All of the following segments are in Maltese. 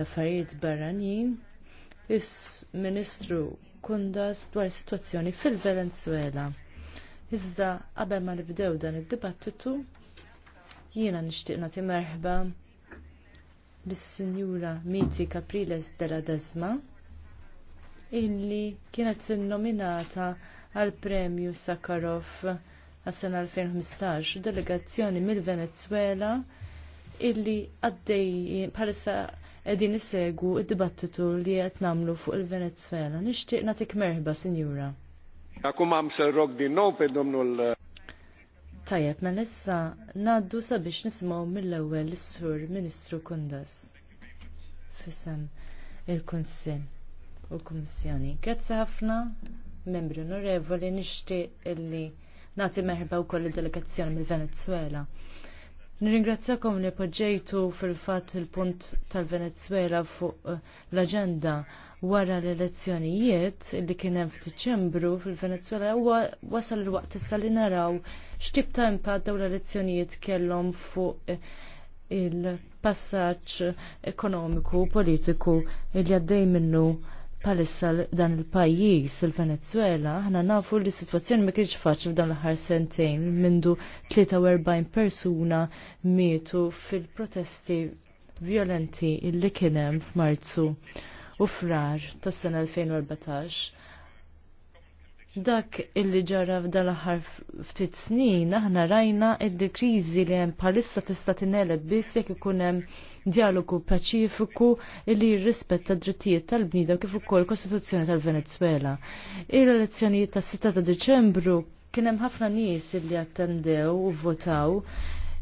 l-affarijiet barranin, is-Ministru Kundas dwar situazzjoni fil-Venezuela. Iżda qabel ma nibdew dan id-dibattitu, jiena nixtieq nagħti merħba bis-Sinjura Miti Capriles della Desma illi kienet innominata għal Premju Sakharov għas-sena 2015 delegazzjoni mill-Venezuela illi għaddej, parissa qegħdin nissegu id-dibattitu li qed nagħmlu fuq il-Venezuela. Nixtieq nagħtik merħba, Sinjura. Akum għam serrok din no pe l- eh, Tajjeb, ma mela issa ngħaddu sabiex nisimgħu mill-ewwel is-Sur Ministru Kundas. Fisem il-Kunsill u l-Kummissjoni. Grazzi ħafna, membri onorevoli, nixtieq illi nagħti merħba wkoll id-delegazzjoni mill-Venezuela. Nirringrazzjakom li poġġejtu fil-fat il-punt tal-Venezuela fuq eh, l-agenda wara l-elezzjonijiet li kien hemm f'Diċembru fil-Venezuela huwa wasal il-waqt issa li naraw x'tib ta' impatt dawn l-elezzjonijiet kellhom fuq eh, il-passaġġ ekonomiku u politiku li għaddej minnu palissa dan il-pajjiż il-Venezuela, ħana nafu li situazzjoni ma kienx faċli f'dan l-aħħar sentejn mindu 43 persuna mietu fil-protesti violenti illi kienem f'Marzu u frar tas-sena 2014 Dak illi ġara f'dan l-aħħar ftit snin, aħna rajna illi kriżi li hemm bħalissa tista' tineleb biss jekk ikun hemm dialogu paċifiku illi jirrispetta d-drittijiet tal-bnida kif ukoll kostituzzjoni tal-Venezuela. Ir-elezzjonijiet tas-6 ta' Diċembru kien hemm ħafna nies illi attendew u votaw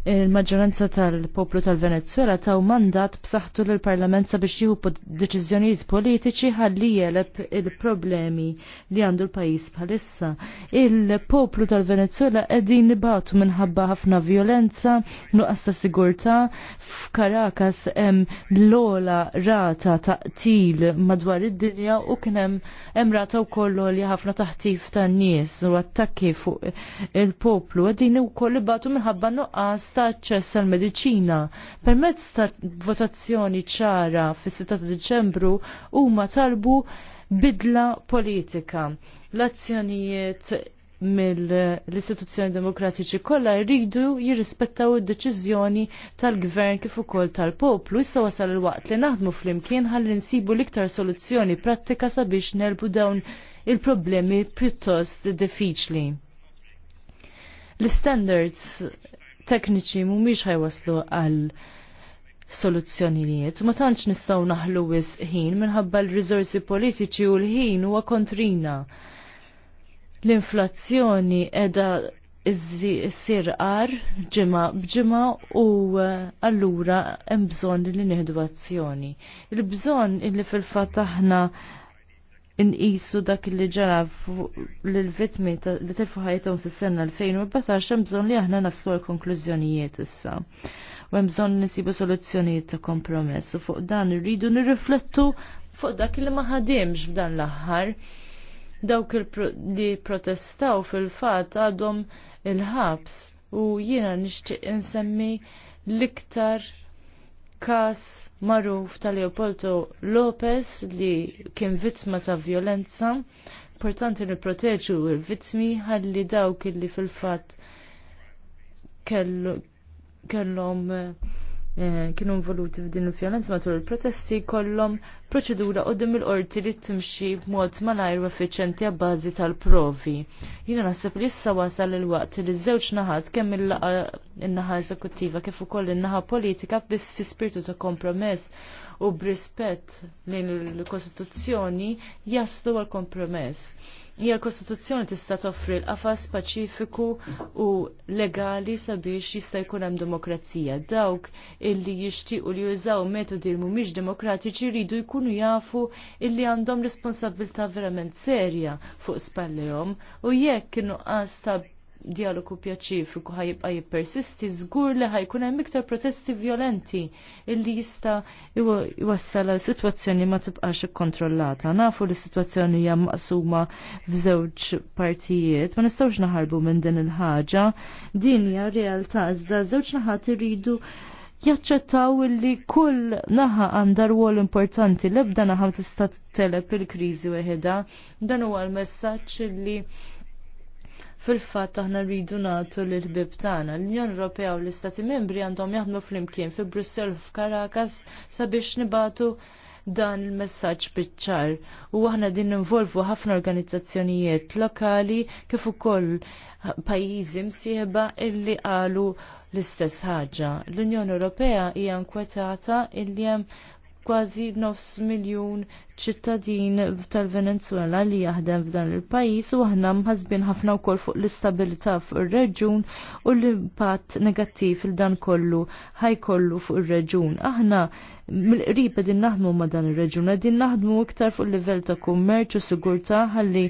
il-maġġoranza tal-poplu tal-Venezuela taw mandat b'saħħtu lill-Parlament sabiex jieħu deċiżjonijiet politiċi ħalli jeleb il-problemi li għandu l-pajjiż bħalissa. Il-poplu tal-Venezuela qegħdin nibatu minħabba ħafna violenza, nuqqas ta' sigurtà, f'Karakas hemm l-ola rata ta' qtil madwar id-dinja u kien hemm hemm rata wkoll li ħafna taħtif tan-nies u attakki fuq il-poplu qegħdin ukoll ibatu minħabba nuqqas ta' ċess għal mediċina Permezz ta' votazzjoni ċara fis-6 ta' Diċembru huma talbu bidla politika. L-azzjonijiet mill-istituzzjoni demokratiċi kollha jridu jirrispettaw id-deċiżjoni tal-gvern kif ukoll tal-poplu. Issa wasal il-waqt li naħdmu flimkien ħalli nsibu l-iktar soluzzjoni prattika sabiex nelbu dawn il-problemi pjuttost diffiċli. L-standards tekniċi mhumiex ħajwaslu għal soluzzjonijiet. Ma tantx nistgħu naħlu wis ħin minħabba l-riżorsi politiċi u l-ħin huwa kontrina. L-inflazzjoni edha issir qar ġimgħa bġimgħa u eh, allura hemm bżonn li nieħdu azzjoni. Il-bżonn illi fil-fatt aħna inqisu dak li ġara l-vitmi li telfu ħajthom fis-sena 2014 hemm bżonn li aħna naslu l-konklużjonijiet issa. U hemm bżonn nisibu soluzzjonijiet ta' kompromess u fuq dan irridu nirriflettu fuq dak li ma ħadimx f'dan l-aħħar dawk li protestaw fil-fatt għadhom il-ħabs u jiena nixtieq insemmi l-iktar kas maruf ta' Leopoldo Lopez li kien vittma ta' violenza. Importanti li proteġu il-vittmi ħalli dawk li fil-fat kellhom eh, Eh, kienu involuti f'din il-vjolenza matul il-protesti kollhom proċedura qudiem il-qorti li timxi b'mod malajr u effiċenti għabbażi tal-provi. Jiena naħseb li issa wasal il-waqt li ż-żewġ naħat kemm il-naħa in eżekuttiva kif ukoll in-naħa politika biss fi spirtu ta' kompromess u b'rispett lejn il-Kostituzzjoni jaslu għal kompromess hija l-Kostituzzjoni tista' toffri l-qafas paċifiku u legali sabiex jista' jkun hemm demokrazija. Dawk illi jixtiequ li jużaw metodi li mhumiex demokratiċi jridu jkunu jafu illi għandhom responsabilità verament serja fuq spallihom u jekk inqas ta' dialogu pjaċifiku jibqa' jippersisti, żgur li ħajkun hemm iktar protesti violenti illi jista' jwassal għal sitwazzjoni ma tibqax ikkontrollata. Nafu li sitwazzjoni hija maqsuma f'żewġ partijiet, ma nistgħux naħarbu minn din il-ħaġa. Din hija realtà iżda żewġ naħat iridu jaċċettaw li kull naħa għandha rwol importanti l-ebda naħa tista' telep il-kriżi weħeda. Dan huwa l-messaġġ li fil-fatt aħna rridu nagħtu lill-bib tagħna. L-Unjoni Ewropea u l-Istati Membri għandhom jaħdmu flimkien fi Brussell u f'Karakas sabiex nibatu dan il-messaġġ biċ-ċar u aħna din involvu ħafna organizzazzjonijiet lokali kif ukoll pajjiżi msieħba illi qalu l-istess ħaġa. L-Unjoni Ewropea hija nkwetata illi hemm kważi nofs miljun ċittadin tal-Venezuela li jaħdem f'dan il-pajis u aħna mħazbin ħafna wkoll fuq l-istabilità fuq ir-reġun u l-impatt negattiv il dan kollu ħajkollu fuq ir-reġun. Aħna mill-qrib qegħdin naħdmu ma' dan ir-reġun, qegħdin naħdmu iktar fuq livell ta' kummerċ u sigurtà ħalli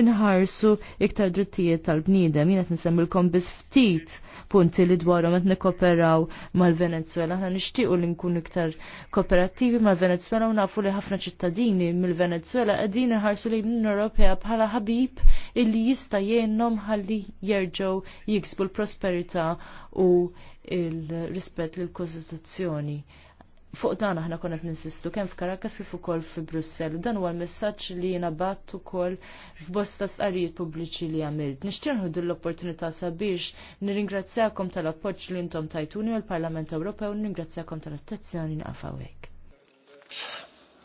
inħarsu iktar drittijiet tal-bniedem. Jiena nsemmilkom biss ftit punti li dwarhom qed nikkoperaw mal-Venezuela. Aħna nixtiequ li nkunu iktar kooperattivi mal-Venezuela u nafu li ħafna ċittadini ċittadini mill-Venezuela qegħdin iħarsu li l-Unjoni Ewropea bħala ħabib illi jista' jgħinhom ħalli jerġgħu jiksbu l-prosperità u l-rispett lill-Kostituzzjoni. Fuq dan aħna konna ninsistu kemm f'Karakas kif ukoll fi Brussell dan huwa l-messaġġ li jiena batt ukoll f'bosta stqarrijiet pubbliċi li għamilt. Nixtieħu din l-opportunità sabiex nirringrazzjakom tal-appoġġ li intom tajtuni u l-Parlament Ewropew u nirringrazzjakom tal-attenzjoni naqfawek.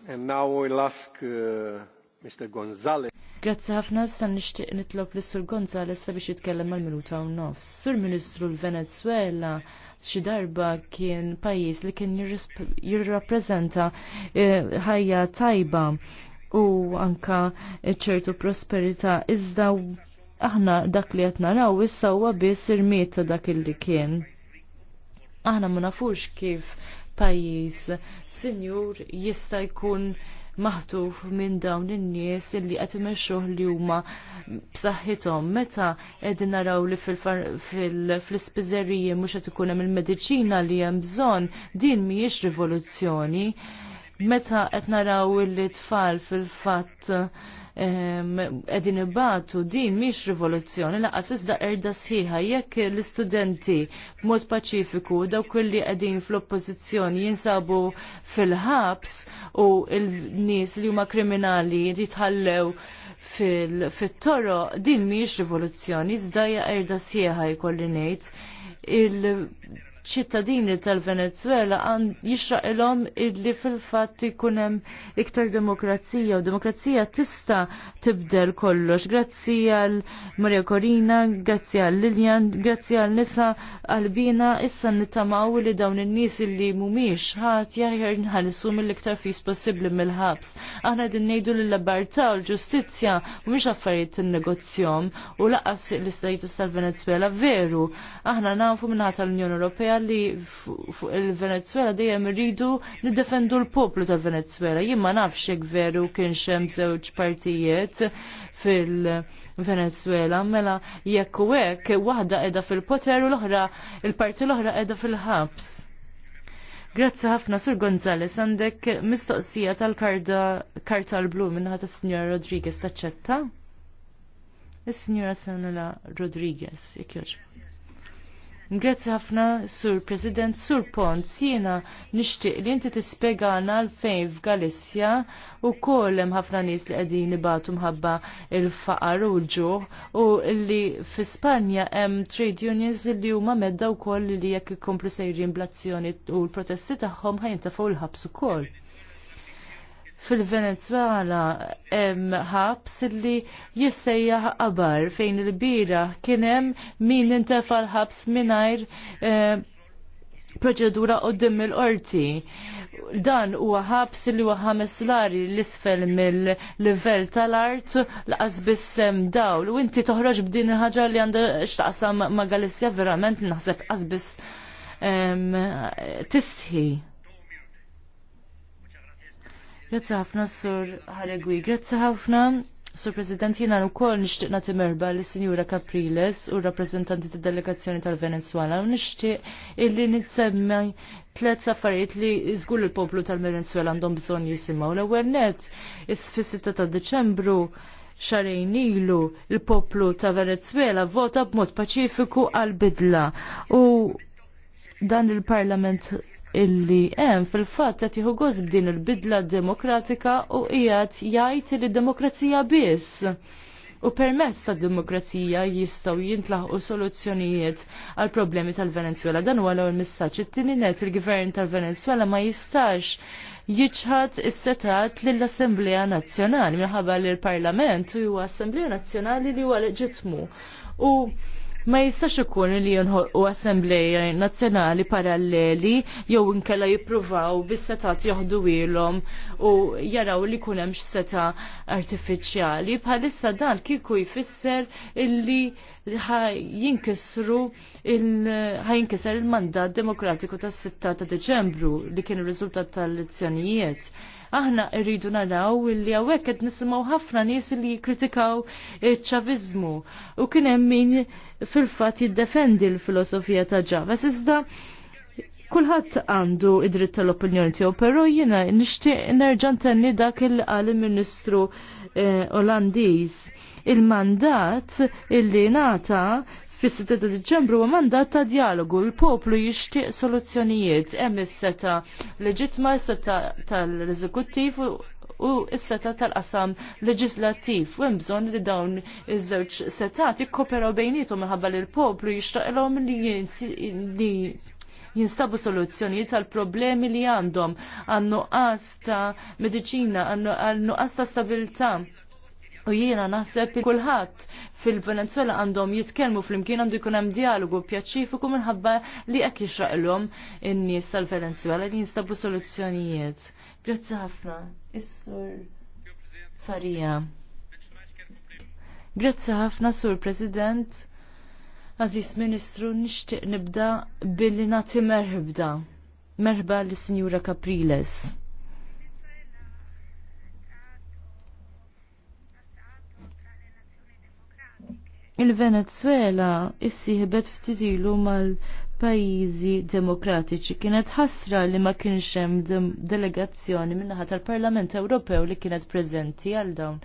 And now we'll ask uh, Mr. Gonzalez. Grazzi ħafna san nixtieq nitlob lis sur Gonzalez sabiex jitkellem mal minuta u nofs. Sur Ministru l-Venezuela xi darba kien pajjiż li kien jirrappreżenta eh, ħajja tajba u anka ċertu prosperità iżda aħna dak li qed naraw issa huwa biss irmiet ta' dak illi kien aħna ma nafux kif pajis, sinjur jista' jkun maħtuf minn dawn in-nies illi qed imexxuh li huma b'saħħithom meta qegħdin naraw li fl-ispiżeriji mhux qed ikun hemm il-mediċina li hemm bżonn din mhijiex rivoluzzjoni. Meta qed naraw li tfal fil-fatt qegħdin ibatu din mhix rivoluzzjoni laqas iżda erda sħiħa jekk l-istudenti b'mod paċifiku daw kulli qegħdin fl-oppożizzjoni jinsabu fil-ħabs u l-nies li huma kriminali jitħallew fil-toro din miex rivoluzzjoni iżda hija erda sħiħa jkolli ngħid ċittadini tal-Venezuela jixraq ilhom illi fil-fatt ikun hemm iktar demokrazija u demokrazija tista tibdel kollox. Grazzi għal Maria Corina, grazzi għal lilian grazzi għal nisa għalbina issa nittamaw li dawn in-nies illi mhumiex ħat jaħjar nħallsu mill-iktar fis possibbli mill-ħabs. Aħna din ngħidu l-libertà u l-ġustizzja mhumiex affarijiet innegozjom u laqas l istajtus tal-Venezuela veru. Aħna nafu minħata tal unjoni Ewropea l-idea li fuq il-Venezuela dejjem irridu niddefendu l-poplu tal-Venezuela. Jien ma nafx hekk veru kien xem żewġ partijiet fil-Venezuela, mela jekk u hekk waħda qiegħda fil-poter u l-oħra il-parti l-oħra qiegħda fil-ħabs. Grazzi ħafna Sur Gonzales għandek mistoqsija tal-karta karta l-blu minnaħa ta' Signora Rodriguez taċċetta? Is-Signora Sanela Rodriguez, jekk jogħġbok. Ngrazzi ħafna sur President Sur Pont, jiena nixtieq li inti tispjegana l-fejn f'Galissja u hemm ħafna nies li qegħdin ibatu mħabba il-faqar u l-ġuħ u li f'Ispanja hemm trade unions li huma medda wkoll li jekk ikomplu sejrin blazzjoni u l-protesti tagħhom ħajintafgħu l-ħabs ukoll fil-Venezuela hemm ħabs li jissejjaħ qabar fejn il-bira kien hemm min intefa l-ħabs mingħajr eh, proċedura qudiem il-qorti. Dan huwa ħabs li huwa ħames lari l-isfel mill-livell tal-art laqas bissem dawl u inti toħroġ b'din il-ħaġa li għandha x'taqsam ma' Galissja verament naħseb qasbiss tistħi Grazzi ħafna sur Ħaregwi, grazzi ħafna Sur President, jina wkoll nixtieq nagħti merba li Sinjura Capriles u rappreżentanti tad delegazzjoni tal-Venezuela u nixtieq illi nitsemmi tliet affarijiet li żgur il-poplu tal-Venezuela għandhom bżonn jisimgħu. L-ewwel nett is fis ta' Diċembru xarejn ilu il-poplu ta' Venezuela vota b'mod paċifiku għal bidla u dan il-Parlament illi hemm fil-fatt qed jieħu gost b'din il-bidla demokratika u qiegħed jgħid li demokrazija biss. U permess ta' demokrazija jistaw jintlaħqu soluzzjonijiet għal problemi tal-Venezuela. Dan huwa l-ewwel messaġġ. It-tieni net il-Gvern tal-Venezuela ma jistax jiċħad is-setat lill-Assembleja Nazzjonali minħabba li l-Parlament huwa Assembleja Nazzjonali li huwa leġitmu. U ma jistax ikun li jonħolqu assembleja nazzjonali paralleli jew inkella jippruvaw bis-setat joħdu ilhom u jaraw li kun hemm seta artifiċjali bħalissa dan kieku jfisser illi jinkisru ħajinkisser il-mandat demokratiku tas-6 ta' Deċembru li kien ir-riżultat tal-elezzjonijiet aħna rridu naraw li hawnhekk qed nisimgħu ħafna nies li jikkritikaw iċ-ċaviżmu u kien hemm min fil-fatt jiddefendi l-filosofija ta' ġava. iżda Kulħadd għandu id-dritt tal-opinjoni tiegħu, però jiena nixtieq nerġa' ntenni dak il qal il-Ministru eh, Olandiż il-mandat illi nata fis-6 ta' Diċembru huwa mandat ta' dialogu. Il-poplu jixtieq soluzzjonijiet hemm is-seta leġitma is-seta tal-eżekuttiv u s-seta tal-qasam leġislattiv u bżonn li dawn iż-żewġ setat jikkoperaw bejnietu minħabba li l-poplu jixtaqilhom li jinstabu soluzzjoni tal-problemi li għandhom għannu qasta medicina, għannu ta' stabilta' U jiena naħseb kulħadd fil-Venezuela għandhom jitkellmu fl-imkien għandu jkun hemm dialogu pjaċifiku minħabba li hekk jixraqlhom in-nies tal-Venezuela li jinstabu soluzzjonijiet. Grazzi ħafna. Is-sur Farija. Grazzi ħafna, Sur President. Aziz Ministru, nixtieq nibda billi nagħti merħibda. Merħba lis sinjura Capriles. il-Venezuela issieħbet ftit ilu mal-pajjiżi demokratiċi. Kienet ħasra li ma kienx hemm delegazzjoni minnaħa tal-Parlament Ewropew li kienet preżenti għal dawn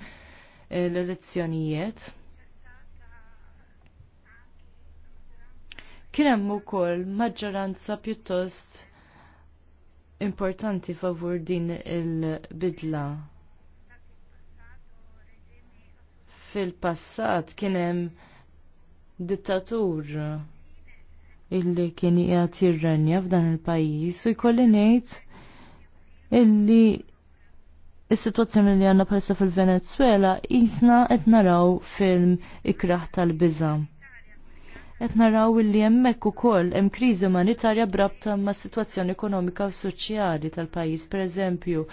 l-elezzjonijiet. Kien hemm ukoll maġġoranza pjuttost importanti favur din il-bidla fil-passat kien hemm dittatur illi kien qiegħed jirrenja f'dan il-pajjiż u jkolli ngħid illi is-sitwazzjoni li għandna palissa fil-Venezuela jisna qed naraw film ikraħ tal-biża. Qed naraw illi hemmhekk ukoll hemm kriżi umanitarja brabta ma' sitwazzjoni ekonomika u soċjali tal-pajjiż, pereżempju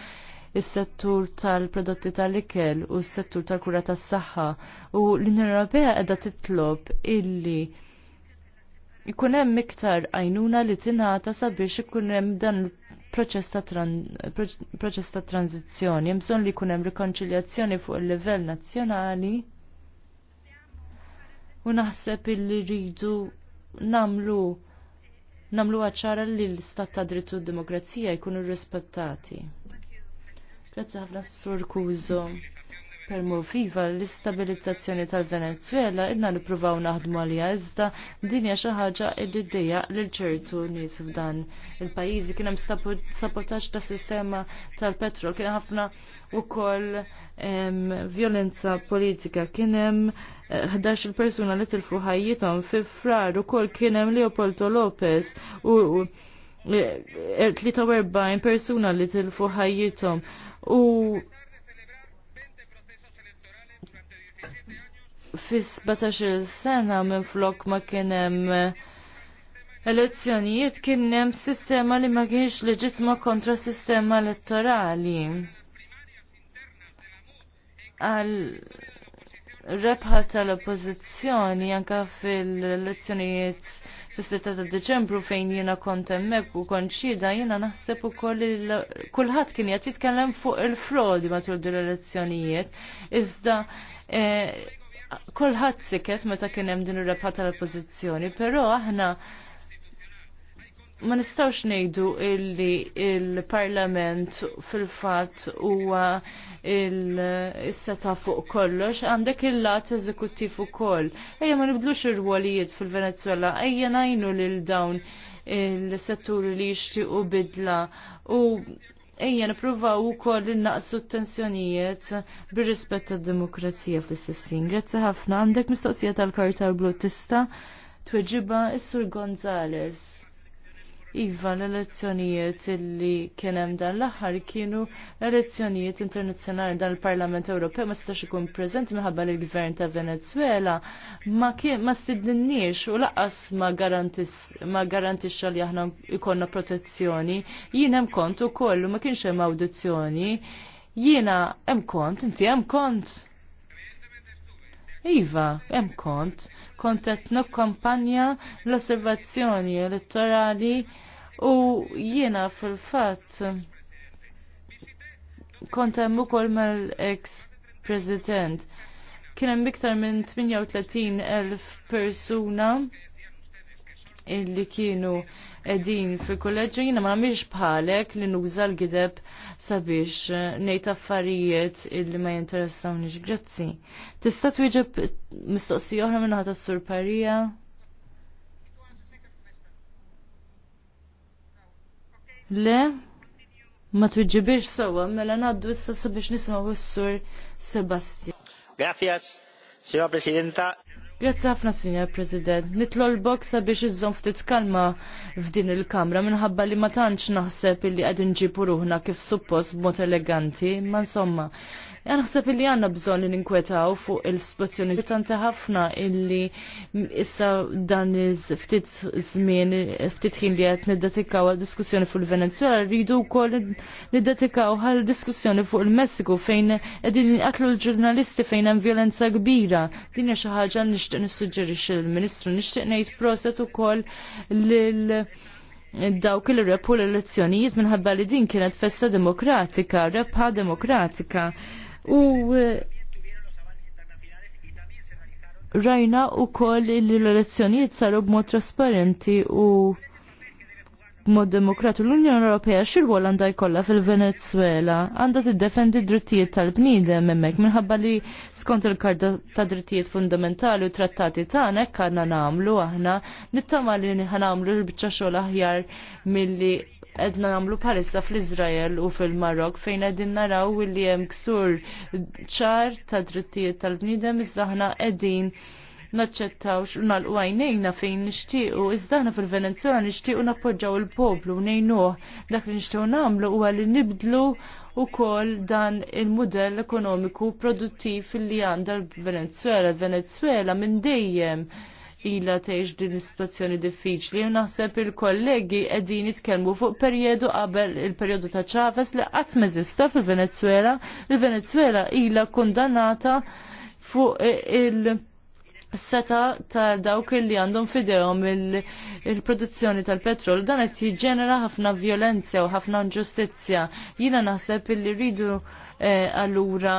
is-settur tal-prodotti tal-ikel u s-settur tal-kura tas-saħħa u l-Unjoni Ewropea qiegħda titlob illi ikun hemm iktar għajnuna li tingħata sabiex ikun hemm dan il proċess ta' tranzizzjoni, hemm bżonn li jkun hemm rikonċiljazzjoni fuq il-livell nazzjonali u naħseb illi rridu namlu namlu għacċara li l-istat ta' drittu d-demokrazija jkunu rispettati. Grazzi ħafna Sur Kuzo. Per viva l-istabilizzazzjoni tal-Venezuela idna provaw naħdmu għalija iżda din hija xi ħaġa l lil ċertu nies f'dan il-pajjiżi kien hemm sabotaġġ ta' sistema tal-petrol, kien ħafna ukoll violenza politika, kien hemm 11 eh, persuna li tilfu ħajjithom fi frar ukoll kien hemm Leopoldo Lopez u, u 43 persuna li tilfu ħajjithom u fi 17 sena minn flok ma kienem elezzjonijiet kienem sistema li ma kienx leġitma kontra sistema elettorali. Għal rebħa tal-oppozizjoni anka fil-elezzjonijiet fis sitta ta' Deċembru fejn jiena kont hemmhekk u kont xhieda jiena naħseb ukoll kulħadd kien qed jitkellem fuq il-frodi matul din l-elezzjonijiet. Iżda eh, kulħadd siket meta kien hemm din ir-rebħa tal-oppożizzjoni, però aħna ma nistawx nejdu illi il-parlament fil-fat huwa il-seta fuq kollox, għandek il-lat eżekuttiv ukoll. Ejja ma nibdlux ir-rwolijiet fil-Venezuela, ejja najnu lil dawn il-setturi li jixtiequ bidla u ejja koll ukoll naqsu t-tensjonijiet bir-rispett tad-demokrazija fil-sessin. Grazzi ħafna, għandek mistoqsija tal-karta blu tista' tweġiba is-Sur Gonzales. Iva l-elezzjonijiet li kienem dan l-aħħar kienu l elezzjonijiet internazzjonali dan il-Parlament Ewropew ma setax ikun preżenti minħabba li l-Gvern ta' Venezuela ma ma stidinniex u laqas ma garantix li aħna ikonna protezzjoni. Jien hemm kont ukoll ma kienx hemm awdizzjoni. Jiena hemm kont, inti hemm kont. Iva, hemm kont kontet nokkompanja l-osservazzjoni elettorali u jiena fil-fatt kont hemm ukoll mal-ex president. Kien hemm iktar minn 38 elf persuna illi kienu edin fil-kolleġġu jina ma miex bħalek li nuża l-gideb sabiex eh, nejt affarijiet illi ma jinteressawniex. Grazzi. Tista' twieġeb mistoqsija oħra minn ħata s-sur Parija? Le? Ma twiġibiex sewa, mela naddu issa sabiex nisma' s-sur Sebastian. Grazie, signora Presidenta. Grazzi ħafna, Signor President. Nitlolbok sabiex iżżomm ftit kalma f'din il-kamra minħabba li ma tantx naħseb illi qegħdin ġibu ruħna kif suppost b'mod eleganti, ma insomma. Ja naħseb illi għanna bżon li ninkwetaw fuq il-situazzjoni tanti ħafna illi issa dan ftit żmien, ftit ħin li qed niddatikaw għal diskussjoni fuq il-Venezuela, rridu wkoll niddatikaw għal diskussjoni fuq il-Messiku fejn qegħdin qatlu l-ġurnalisti fejn hemm violenza kbira. Din hija xi ħaġa nishtiq nissuġġerix lill-Ministru nixtieq ngħid proset ukoll lil dawk il repu l-elezzjonijiet minħabba li din kienet festa demokratika, rebħa demokratika. U rajna u koll li l-elezzjonijiet saru b'mod trasparenti u mod demokratu l-Unjoni Ewropea rwol għandha jkollha fil-Venezuela għandha tiddefendi drittijiet tal-bniedem hemmhekk minħabba li skont il-Karta ta' Drittijiet Fundamentali u trattati tagħna hekk għandna nagħmlu aħna nittama li ħanamlu l-biċċa xogħol aħjar milli edna namlu palissa fl-Izrael u fil-Marok fejn edin naraw li jem ksur ċar ta' drittijiet tal-bnidem iżda ħna edin naċċettawx u nalqu għajnejna fejn nixtiequ, iżdaħna fil-Venezuela nixtiequ nappoġġaw il-poplu nejnuh. dak li nixtiequ nagħmlu huwa li nibdlu wkoll dan il-mudell ekonomiku produttiv li għandha l-Venezuela. Venezuela minn dejjem ila teħx din situazzjoni diffiċli. u Naħseb il-kollegi edin jitkelmu fuq periodu qabel il-periodu ta' Chavez li qatt meżista fil-Venezuela. Il-Venezuela ila kondannata fuq il-, -il seta ta' dawk li għandhom fidejhom il-produzzjoni tal-petrol dan qed jiġġenera ħafna violenza u ħafna inġustizzja. Jiena naħseb li rridu eh, allura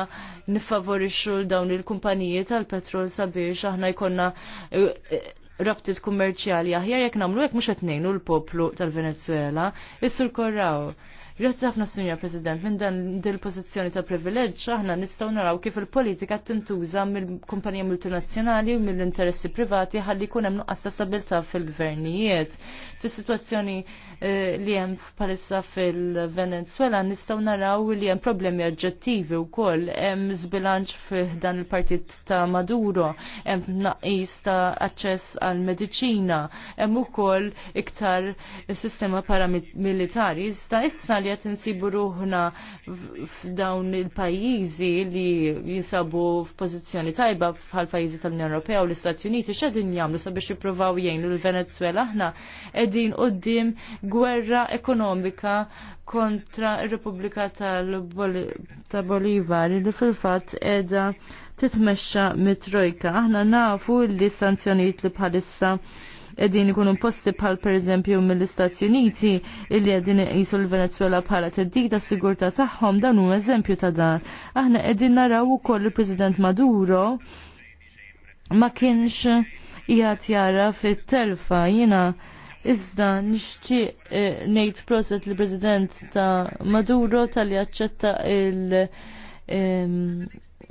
nifavorixxu dawn il-kumpaniji tal-petrol sabiex aħna jkollna eh, eh, rabtiet kummerċjali aħjar jekk nagħmlu hekk mhux qed ngħinu l-poplu tal-Venezuela. is Korraw. Grazzi ħafna Sinjor President, minn dan dil pożizzjoni ta' privileġġ aħna nistgħu naraw kif il-politika tintuża mill-kumpanija multinazzjonali u mill-interessi privati ħalli jkun hemm nuqqas ta' stabilità fil-gvernijiet. Fis-sitwazzjoni eh, li hemm palissa fil-Venezuela nistgħu naraw li hemm problemi oġġettivi wkoll hemm żbilanċ fih dan il-partit ta' Maduro, hemm naqis ta' aċċess għal mediċina hemm ukoll iktar sistema paramilitari. Iżda issa li qed insibu ruħna f'dawn il-pajjiżi li jinsabu f'pożizzjoni tajba bħal pajjiżi tal-Unjoni Ewropea u l-Istati Uniti xedin jagħmlu sabiex jippruvaw jgħinu l-Venezuela aħna qegħdin quddiem gwerra ekonomika kontra r-Repubblika tal-Bolivar li fil fat edha titmesċa mit-trojka. Aħna nafu li sanzjonijiet li bħalissa edin ikunu posti bħal per eżempju mill-Istati Uniti illi edin jisu l-Venezuela bħala t-dida sigurta tagħhom dan u eżempju ta' dan. Aħna edin naraw ukoll il-President Maduro ma kienx jgħat jara fit-telfa jina Iżda nixtieq nejt eh, ngħid proset li President ta' Maduro tal-li aċċetta il-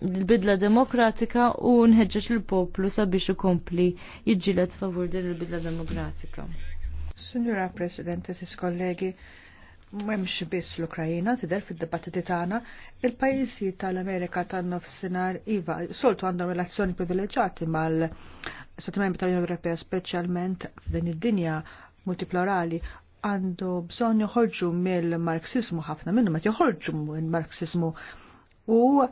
l-bidla demokratika u nħeġġeġ l-poplu sabiex kompli jġilet favur din il-bidla demokratika. Signora President, sis kollegi, m'hemmx biss l-Ukrajina tidher fid-dibattiti tagħna, il-pajjiżi tal-Amerika tan-nofsinhar iva soltu għandhom relazzjoni privileġġjati mal-Stati Membri tal-Unjoni Ewropea speċjalment f'din id-dinja multiplorali għandu bżonn joħorġu mill-Marxismu ħafna minnu ma joħorġu mill-Marxismu u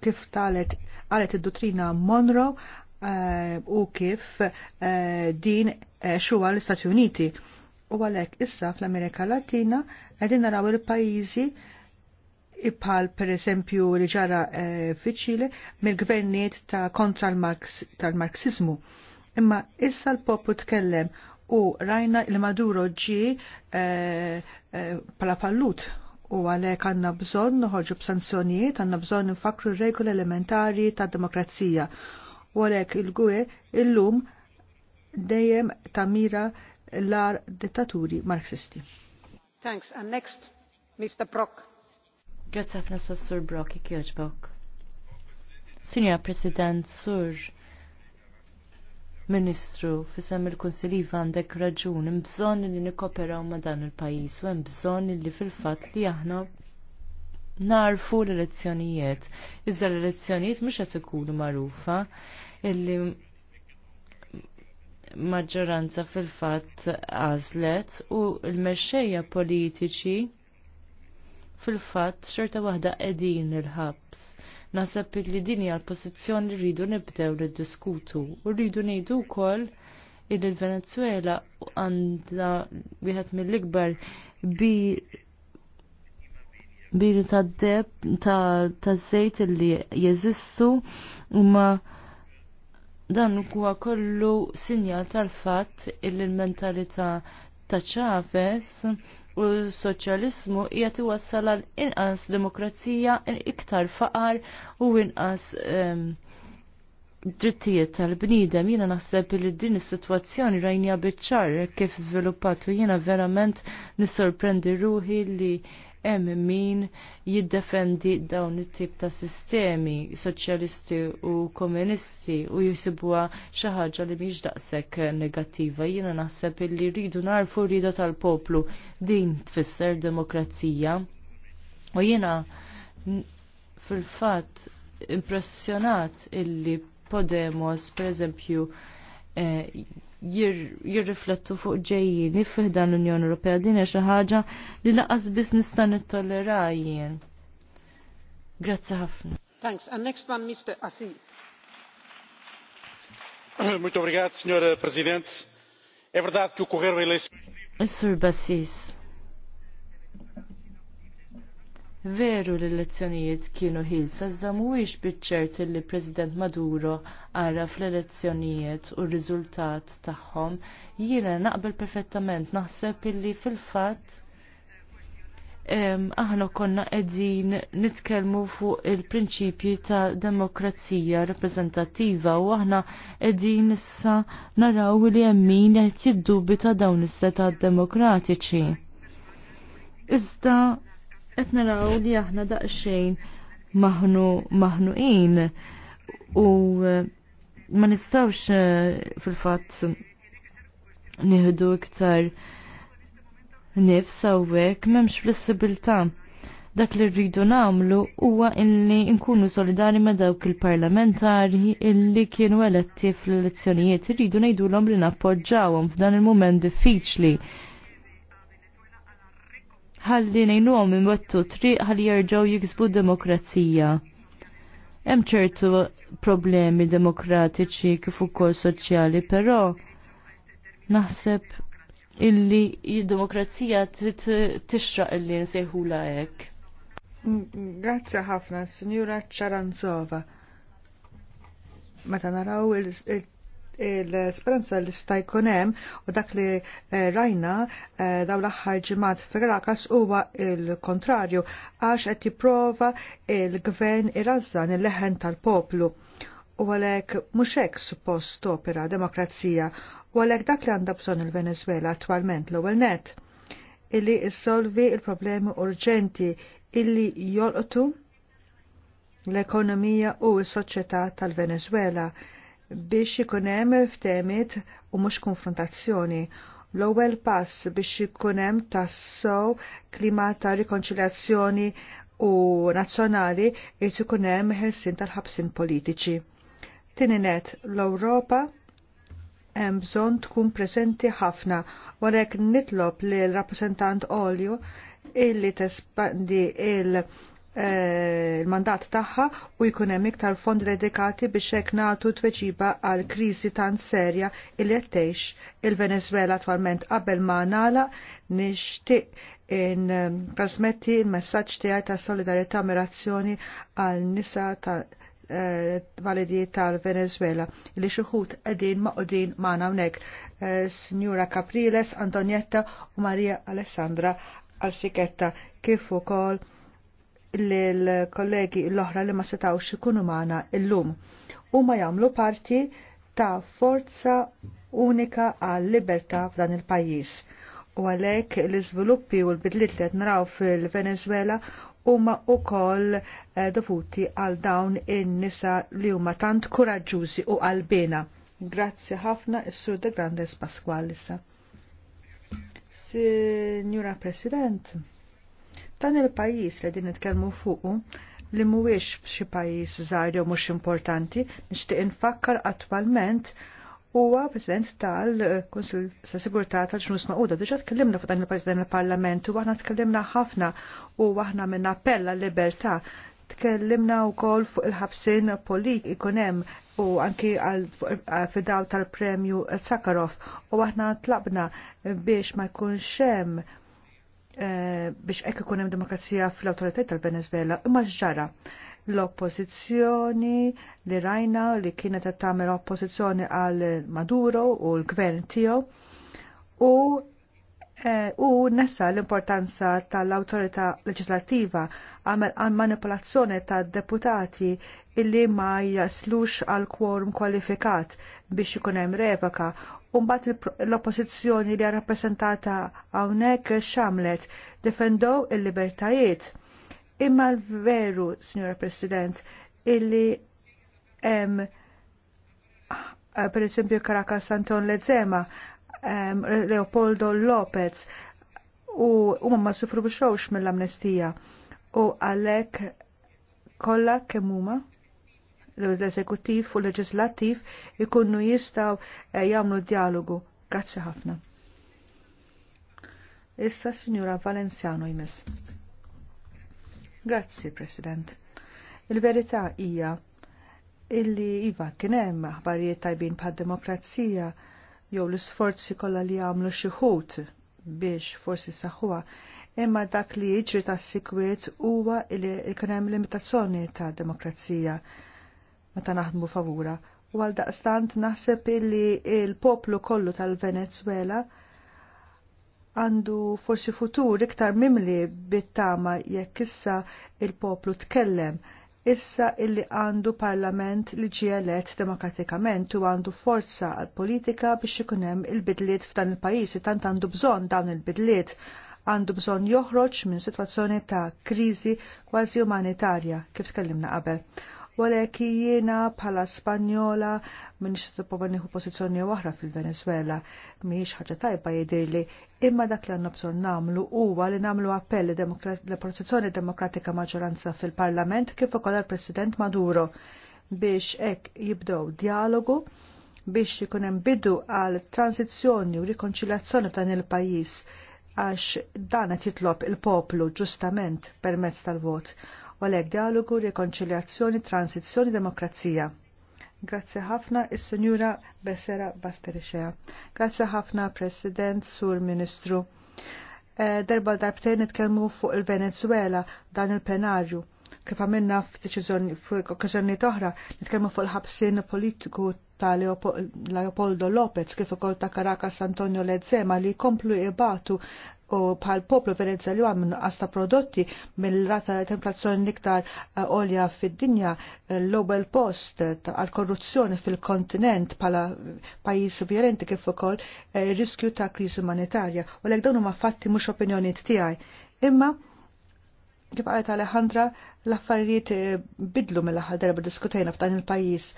kif talet għalet id-dottrina Monroe eh, u kif eh, din eh, xuwa l-Istati Uniti. U għalek issa fl-Amerika Latina għedin naraw il-pajizi bħal per esempio li ġara fiċile mill-gvernijiet ta' kontra tal marxismu Imma issa l-poplu tkellem u rajna il-Maduro ġi pala fallut u għalhekk għandna bżonn noħorġu b'sanzjonijiet, għandna bżonn nfakru regoli elementari tad demokrazija. U għalhekk il-gwe illum dejjem mira l-ar dittaturi marxisti. Thanks. And next, Mr. Brock. Grazie ħafna Sur Brock, ikjoġbok. Signora President, Sur. Ministru, fisem il-Konsil iva, għandek raġun, mbżon li nikoperaw ma dan il-pajis, u mbżon li fil-fat li aħna narfu l-elezzjonijiet. Iżda l-elezzjonijiet mux għat ikunu marufa, illi maġġoranza fil-fat għazlet u l-mexxejja politiċi fil-fat xorta waħda qegħdin il-ħabs. Naħseb li din hija l-pożizzjoni li rridu nibdew niddiskutu u rridu ngħidu wkoll il venezuela għandha wieħed mill-ikbar bi biri ta' deb ta' zejt li jeżistu huma dan huwa kollu sinjal tal-fatt il-mentalità ta' Chavez u soċjalizmu qiegħed iwassal għal inqas demokrazija, iktar faqar u inqas drittijiet tal-bniedem. Jiena naħseb li din is-sitwazzjoni rajnija biċ-ċar kif żviluppat u jiena verament nissorprendi ruħi li hemm min jiddefendi dawn it-tip ta' sistemi soċjalisti u komunisti u jisibuha xi ħaġa li mhix daqshekk negattiva. Jiena naħseb illi rridu narfu rida tal-poplu din tfisser demokrazija. U jiena fil-fatt impressjonat illi Podemos, per eżempju, eh, jirriflettu fuq ġejjini fiħdan l-Unjoni Ewropea din hija xi ħaġa li laqas biss nista' nittolera jien. Grazzi ħafna. Thanks. And next one, Mr. Assis. Muito obrigado, Sr. Presidente. É verdade que ocorreram eleições. Sr. Bassis. Veru li l-elezzjonijiet kienu ħilsa iżda mhuwiex biċċert li President Maduro ara fl-elezzjonijiet u r-riżultat tagħhom jiena naqbel perfettament naħseb illi fil-fatt aħna konna qegħdin nitkellmu fuq il-prinċipji ta' demokrazija rappreżentattiva u aħna qegħdin issa naraw li hemm min qed jiddubita dawn is-setat demokratiċi. Iżda qed naraw li aħna daqsxejn maħnu maħnuqin u eh, ma nistawx eh, fil-fatt nieħdu iktar nifs hawnhekk m'hemmx flessibilità. Dak li rridu nagħmlu huwa illi nkunu solidari ma' dawk il-parlamentari illi kienu eletti fl-elezzjonijiet irridu ngħidulhom li nappoġġawhom f'dan il-mument diffiċli ħalli nejnuhom imwettu triq ħalli jarġaw jiksbu demokrazija. Hemm ċertu problemi demokratiċi kif ukoll soċjali, però naħseb illi id-demokrazija tixraq illi nsejħula hekk. Grazzi ħafna, Signora Ċaranzova. Meta naraw il l speranza li sta jkunem u dak li eh, rajna eh, daw l-aħħar fil-Rakas huwa il-kontrarju għax qed jipprova il-gvern irażżan il-leħen tal-poplu. U għalhekk mhux hekk suppost opera demokrazija u għalhekk dak li għandha bżonn il-Venezuela attwalment l-ewwel net illi issolvi il-problemi urġenti illi jolqtu l-ekonomija u s-soċjetà tal-Venezuela biex ikun hemm u mhux konfrontazzjoni. L-ewwel pass biex ikun hemm klima ta' rikonċiljazzjoni u nazzjonali irid ikun hemm ħelsin tal-ħabsin politiċi. Tieni net l-Ewropa hemm bżonn tkun preżenti ħafna u hekk nitlob lill rappresentant Olju illi tespandi il- Eh, il-mandat tagħha u jkun hemm iktar fondi dedikati biex hekk nagħtu tweġiba għal kriżi tan serja li qed tgħix il-Venezuela twalment qabel ma nala nixtieq in eh, trasmetti il-messaġġ tiegħi ta' solidarità mirazzjoni għal nisa ta' eh, validi tal-Venezuela li xuħut edin ma' udin ma' nawnek Signora Capriles, Antonietta u Maria Alessandra Alsiketta kif ukoll l-kollegi l-oħra li ma setawx ikunu magħna illum. Huma jagħmlu parti ta' forza unika għal libertà f'dan il-pajjiż. U għalhekk l-iżviluppi u l bidlit li naraw fil-Venezuela huma wkoll eh, dovuti għal dawn in-nisa li huma tant kuraġġużi u qalbina. Grazzi ħafna is-Sur de Grandes Pasqualissa. Signora President, Dan il-pajjiż li din nitkellmu fuqu li mhuwiex xi pajjiż żgħar jew mhux importanti, nixtieq infakkar attwalment huwa President tal-Kunsil sa' Sigurtà tal-Ġnus Maquda. Diġà tkellimna fuq dan il pajis dan il-Parlament u aħna tkellimna ħafna u aħna minn appella l libertà tkellimna wkoll fuq il-ħabsin polit hemm u anki fidaw tal-premju Sakharov u aħna tlabna biex ma jkunx hemm Eh, biex ekk ikun hemm demokrazija fl-awtoritajiet tal-Venezuela imma x'ġara l-oppożizzjoni li rajna li kienet qed tagħmel oppożizzjoni għal Maduro u l-gvern tiegħu u Eh, u nessa l-importanza tal autorita leġislativa għamel għan manipolazzjoni ta' deputati illi ma jaslux għal kworum kwalifikat biex ikun hemm revoka u mbagħad l-oppożizzjoni li rappresentata hawnhekk xamlet defendow il-libertajiet. Imma l-veru, Signora President, illi hemm eh, per esempio Caracas Anton Lezema um, Leopoldo Lopez u huma ma sufru sufruxxewx mill-amnestija u għalhekk kollha kemm huma l-eżekuttiv u l-leġislattiv ikunnu jistgħu eh, jagħmlu dialogu. Grazzi ħafna. Issa Signora Valenziano jmiss. Grazzi, President. Il-verità hija illi iva kien hemm aħbarijiet tajbin bħad-demokrazija jew l-isforzi kollha li għamlu xi ħut biex forsi saħħuha, imma dak li jiġri ta' sikwiet huwa li jkun hemm limitazzjoni ta' demokrazija meta naħdmu favura. U għal daqstant naħseb illi il-poplu kollu tal-Venezuela għandu forsi futur iktar mimli bit-tama jekk issa il-poplu tkellem issa illi għandu parlament li ġie elett demokratikament u għandu forza għal politika biex ikun hemm il-bidliet f'dan il-pajjiż tant għandu bżonn dawn il-bidliet għandu bżonn joħroġ minn sitwazzjoni ta' kriżi kważi umanitarja kif tkellimna qabel għalhekk jiena bħala Spanjola minn xtipproba nieħu pożizzjoni oħra fil-Venezuela mhijiex ħaġa tajba jidhirli imma dak li għandna bżonn nagħmlu huwa li nagħmlu appell l-oppożizzjoni demokratika maġġoranza fil-Parlament kif ukoll president Maduro biex hekk jibdew dialogu biex ikun hemm bidu għal transizjoni u rikonċiljazzjoni f'dan il-pajjiż għax dan qed jitlob il-poplu ġustament permezz tal-vot u għalhekk dialogu, rikonċiljazzjoni, transizzjoni, demokrazija. Grazzi ħafna is-Sinjura Besera Basterixea. Grazzi ħafna President Sur Ministru. E, darba darbtejn nitkellmu fuq il-Venezuela dan il-plenarju kif għamilna f'okkażjoni oħra nitkellmu fuq il-ħabsin politiku ta' Leopoldo Lopez kif ukoll ta' Caracas Antonio Ledzema li komplu ibatu u bħal poplu li għam għasta prodotti mill-rata templazzjoni niktar eh, olja fid-dinja eh, l obel Post eh, għal korruzzjoni fil-kontinent bħala pajis violenti kif ukoll riskju ta' kriżi humanitarja. u l dawn huma fatti mhux opinjoni tiegħi. Imma kif qalet Alejandra l-affarijiet bidlu mill-aħħar darba diskutejna f'dan il-pajjiż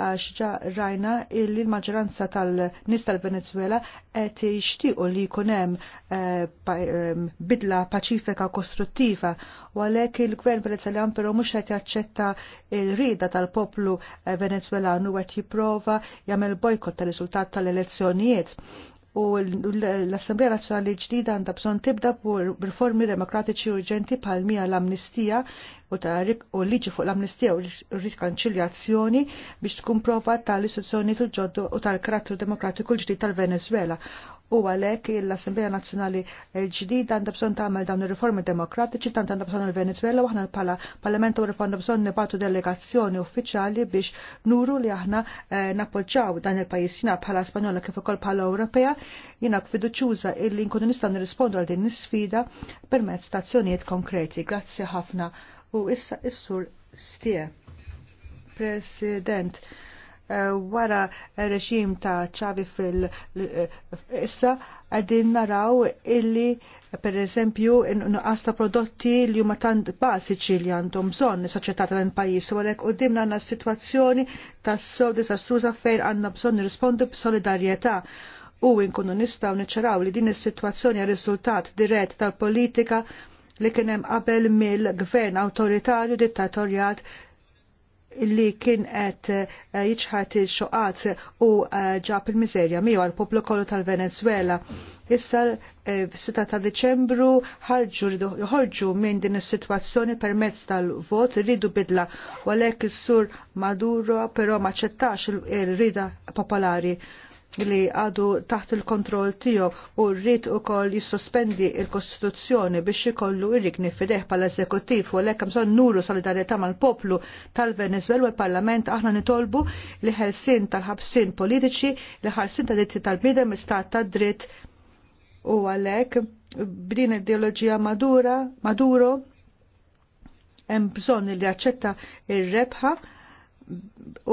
għax ġa rajna illi l-maġġoranza tal-nis tal-Venezuela qed jixtiequ li jkun hemm eh, eh, bidla paċifika kostruttiva u għalhekk il-gvern Venezuelan però mhux qed jaċċetta l-rieda tal-poplu eh, Venezuelan u qed jipprova jagħmel bojkott tal-riżultat tal-elezzjonijiet u l-Assemblea Nazzjonali ġdida għandha bżonn tibda b'riformi demokratiċi urġenti bħal mija l-amnistija u ta' u liġi fuq l-amnistija u l-rikonċiljazzjoni biex tkun prova tal-istituzzjoni fil-ġoddu u tal-karattru demokratiku l-ġdid tal-Venezuela u għalek l-Assemblea Nazzjonali l-ġdida għandha bżonn tagħmel dawn ir-riformi demokratiċi tant għandha bżonn il-Venezuela u aħna bħala Parlament Ewropew għandna bżonn nibatu delegazzjoni uffiċjali biex nuru li aħna eh, nappoġġaw dan il-pajjiż jiena bħala Spanjola kif ukoll bħala Ewropea jiena fiduċjuża illi nkunu nistgħu nirrispondu għal din is-sfida permezz ta' azzjonijiet konkreti. Grazzi ħafna u issa s sur Stie. President, Eh, wara reġim ta' ċavi fil-issa għadin naraw illi per eżempju nuqqas ta' prodotti li huma tant basiċi li għandhom bżonn soċjetà tal-pajjiż u għalhekk qudiemna għandna situazzjoni tas-sew disastruża fejn għandna bżonn nirrispondu b'solidarjetà u nkunu nistgħu niċċaraw li din is-sitwazzjoni għal riżultat dirett tal-politika li kien hemm qabel mill-gvern awtoritarju dittatorjat li kien qed eh, jiċħat il-xoqat u eh, ġab il-miserja miegħu għal poplu kollu tal-Venezuela. Issa eh, f-6 ta' Deċembru ħarġu joħorġu minn din is-sitwazzjoni permezz tal-vot rridu bidla u għalhekk is-sur Maduro però maċċettax il-rida popolari li għadu taħt il-kontroll tiegħu u rrid ukoll jissospendi il-Kostituzzjoni biex ikollu irrikni fideh pal eżekuttiv u hemm bżonn nuru solidarjetà mal-poplu tal-Venezuela u l-Parlament aħna nitolbu li ħelsin tal-ħabsin politiċi li ħarsin ta' ditti tal-bidem istat ta' dritt u għalhekk b'din ideoloġija madura maduro hemm bżonn li jaċċetta ir-rebħa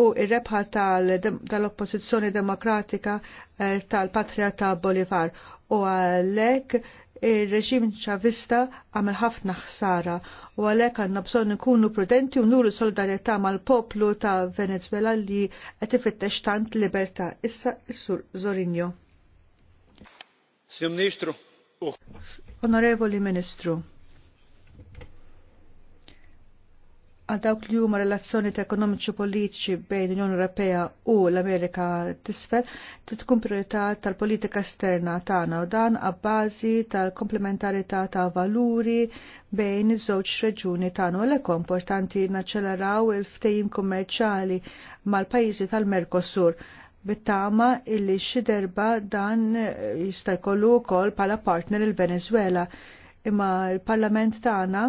u ir-rebħa tal-oppożizzjoni demokratika eh, tal-patria ta' Bolivar u għalhekk ir-reġim ċavista għamel ħafna ħsara u għalhekk għandna bżonn ikunu prudenti u nuru solidarjetà mal-poplu ta' Venezuela li qed ifittex tant libertà. Issa is-sur Zorinjo. Sim Ministru. Oh. Onorevoli Ministru. għal dawk li huma relazzjoni ta' ekonomiċi politiċi bejn l-Unjoni Ewropea u l-Amerika tisfel tkun priorità tal-politika esterna tagħna u dan għabbażi tal-komplementarità ta' valuri bejn iż-żewġ reġuni tagħna u l importanti naċċeleraw il-ftehim kummerċjali mal-pajjiżi tal-Merkosur bittama illi xi derba dan jista' jkollu wkoll bħala partner il-Venezuela imma l-Parlament tagħna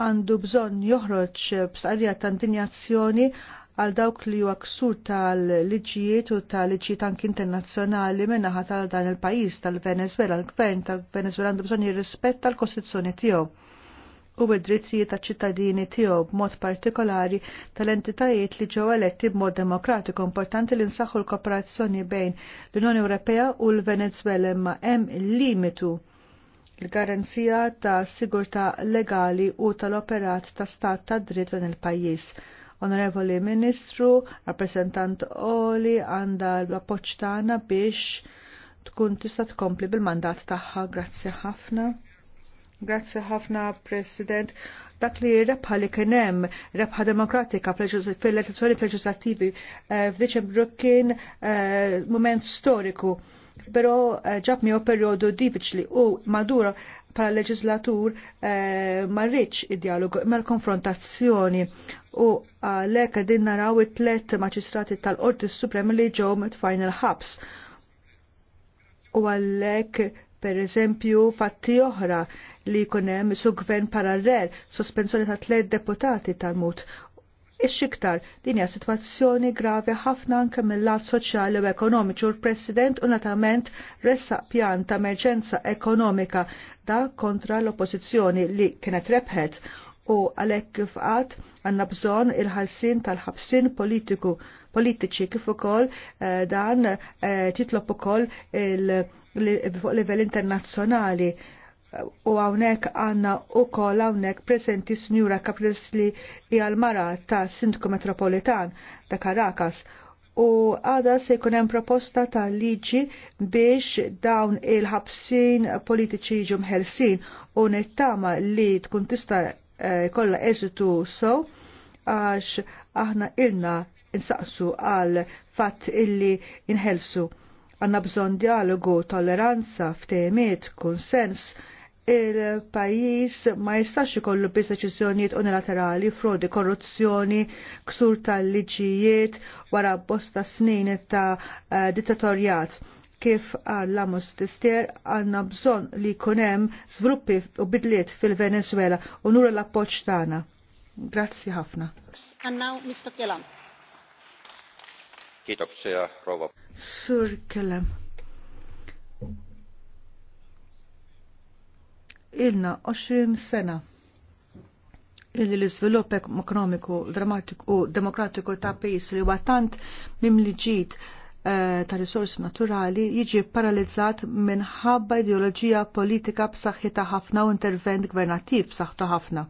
għandu bżonn joħroġ b'sqarrija ta' indignazzjoni għal dawk li huwa ksur tal-liġijiet u tal-liġijiet anki internazzjonali minnaħa tal dan il-pajjiż tal-Venezuela, l-gvern tal-Venezuela għandu bżonn jirrispetta l-kostituzzjoni tiegħu u id-drittijiet ta' ċittadini tiegħu b'mod partikolari tal-entitajiet li ġew eletti b'mod demokratiku importanti li nsaħħu l-kooperazzjoni bejn l-Unjoni Ewropea u l-Venezuela imma hemm limitu il-garanzija ta' sigurta legali u tal-operat ta' stat ta' dritt f'dan il-pajjiż. Onorevoli Ministru, rappresentant Oli għanda l appoċtana tagħna biex tkun tista' tkompli bil-mandat tagħha. Grazzi ħafna. Grazzi ħafna, President. Dak li rebħa li kien hemm rebħa demokratika fil-elezzjoni leġislattivi eh, f'Diċembru kien eh, moment storiku pero eh, ġab miegħu perjodu diffiċli u madura bħala leġislatur eh, ma marriċ id-dialogu ma l-konfrontazzjoni u għalhekk din naraw it-tlet maġistrati tal-Qorti Suprem li ġew mit-final hubs. U għalhekk per eżempju fatti oħra li kunem su gvern parallel, sospensjoni ta' tliet deputati tal-mut Ix-xiktar din hija sitwazzjoni gravi ħafna anke mill-lat soċjali u ekonomiċi u l-President unatament ressa pjan ta' emerġenza ekonomika da kontra l-oppożizzjoni li kienet rebħet u għalhekk kif qatt għandna bżonn il-ħalsin tal-ħabsin politiku politiċi kif ukoll eh, dan eh, titlob ukoll fuq livell internazzjonali u għawnek għanna u kol għawnek presenti Sinjura Kapris li għal-mara ta' Sindku Metropolitan ta' Karakas u għada se jkunem proposta ta' liġi biex dawn il-ħabsin politiċi ġumħelsin u nittama li tkun tista' eh, kolla eżitu so għax aħna ilna insaqsu għal fatt illi inħelsu għanna bżon dialogu, tolleranza, ftejmiet, konsens, il-pajis ma jistax ikollu biss deċiżjonijiet unilaterali, frodi, korruzzjoni, ksur tal-liġijiet wara bosta snin ta' eh, dittatorjat. Kif għal amus tister għanna bżon li kunem sviluppi u bidliet fil-Venezuela u nura l-appoċ tagħna. Grazzi ħafna. Annaw, Mr. Sur Kellam. ilna 20 sena illi l-izvilupp ekonomiku, dramatiku u demokratiku ta' pejis li huwa tant liġid eh, ta' risorsi naturali jiġi paralizzat minħabba ideoloġija politika b'saħħitha ħafna u intervent gvernattiv b'saħħtu ħafna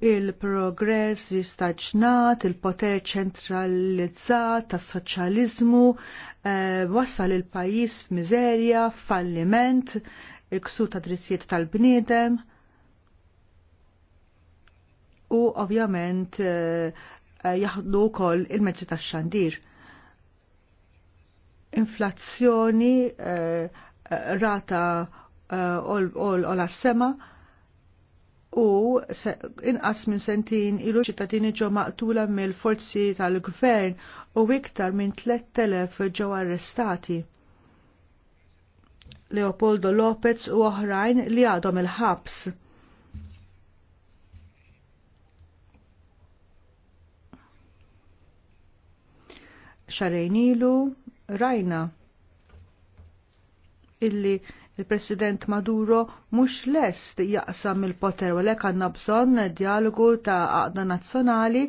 il-progress jistaġnat, il-poter ċentralizzat ta' soċalizmu, eh, wasal il-pajis f'miżerja, falliment, il-ksu ta' drittijiet tal-bniedem u ovvjament eh, eh jaħdu kol il-mezzi ta' xandir. Inflazzjoni, eh, eh rata ol-assema, eh, ol, ol, ol u inqas minn sentin ilu ċittadini ġo maqtula mill-forzi tal-gvern u iktar minn 3000 ġo arrestati. Leopoldo Lopez u oħrajn li għadhom il-ħabs. Xarejn rajna illi il-President Maduro mhux lest jaqsam il-poter u lek għandna bżonn dialogu ta' għaqda nazzjonali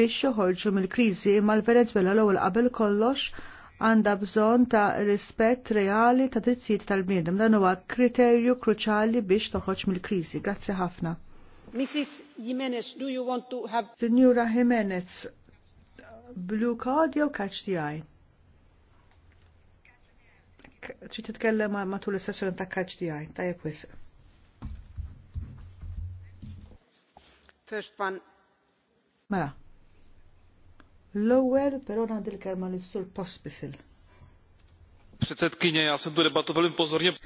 biex joħorġu mill-kriżi imma l-Venezuela l-ewwel qabel kollox għandha bżonn ta' rispett reali ta' drittijiet tal-bniedem. Dan huwa kriterju kruċali biex toħroġ mill-kriżi. Grazzi ħafna. Mrs. Jimenez, do you want to have... Signora Jimenez, blue card jew catch the eye? trid titkellem matul is-sessjoni ta' kaċ tiegħi. ta' jekwis. First one. Mela. L-ewwel però ngħaddi l-kelma lis-sur post bisil. Pospisil. Przedsedkinja, ja sendu tu debatu velim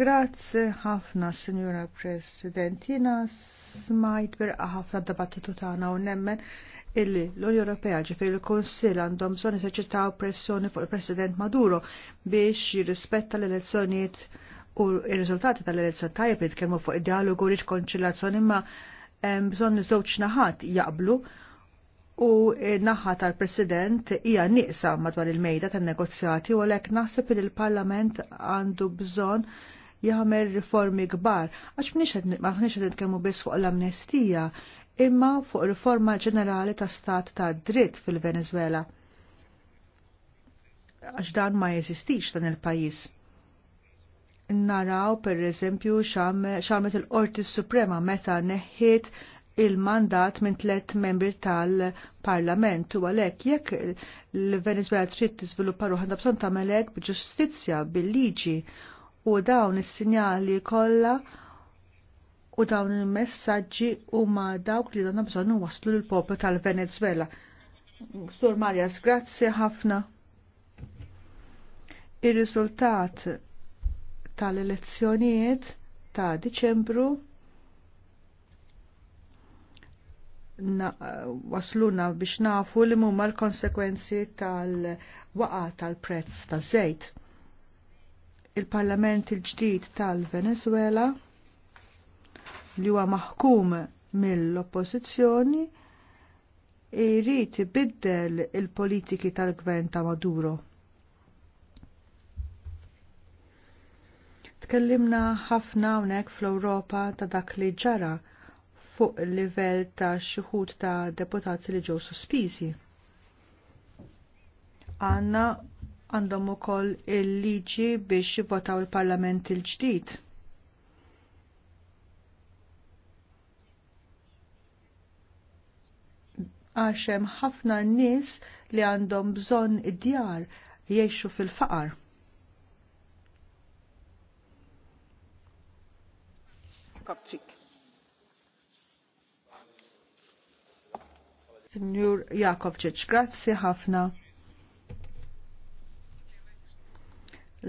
Grazie ħafna, Signora Presidentina, smajt berqa ħafna dibattitu tagħna u nemmen illi l-Unjoni Ewropea ġifir il-Konsil għandhom bżonn iseċitaw pressjoni fuq il-President Maduro biex jirrispetta l-elezzjonijiet u r-riżultati tal-elezzjoni tajjeb li tkellmu fuq id-dialogu u konċilazzjoni imma bżonn iż-żewġ naħat jaqblu u naħa tal-President hija nieqsa madwar il-mejda tan-negozjati u għalhekk naħseb li l-Parlament għandu bżonn jagħmel riformi kbar għax m'aħniex qed nitkellmu biss fuq l-amnestija imma fuq riforma ġenerali ta' stat ta' dritt fil-Venezuela. Għax dan ma jeżistix dan il-pajis. Naraw per eżempju xamet il-Qorti Suprema meta neħħiet il-mandat minn tlet membri tal-parlament u għalek jekk l-Venezuela trid tiżviluppa ruħan ta' bżonn bil ġustizzja bil-liġi u dawn is-sinjali kollha u dawn il-messagġi huma dawk li donna bżonn waslu l-poplu tal-Venezuela. Sur Marjas, grazzi ħafna. Ir-riżultat tal-elezzjonijiet ta' Diċembru na, wasluna biex nafu li mumma l-konsekwenzi tal-waqa tal-prezz ta' żejt. Il-Parlament il-ġdid tal-Venezuela li huwa maħkum mill-oppożizzjoni irid ibiddel il-politiki tal-gvern ta' Maduro. Tkellimna ħafna hawnhekk fl-Ewropa ta' dak li ġara fuq il-livell ta' xuħud ta' deputati li ġew sospiżi. għandhom ukoll il-liġi biex jivvotaw il-Parlament il-ġdid għax hemm ħafna nies li għandhom bżonn id-djar jgħixu fil-faqar. Kapċik. Signor Jakobċiċ, grazzi ħafna.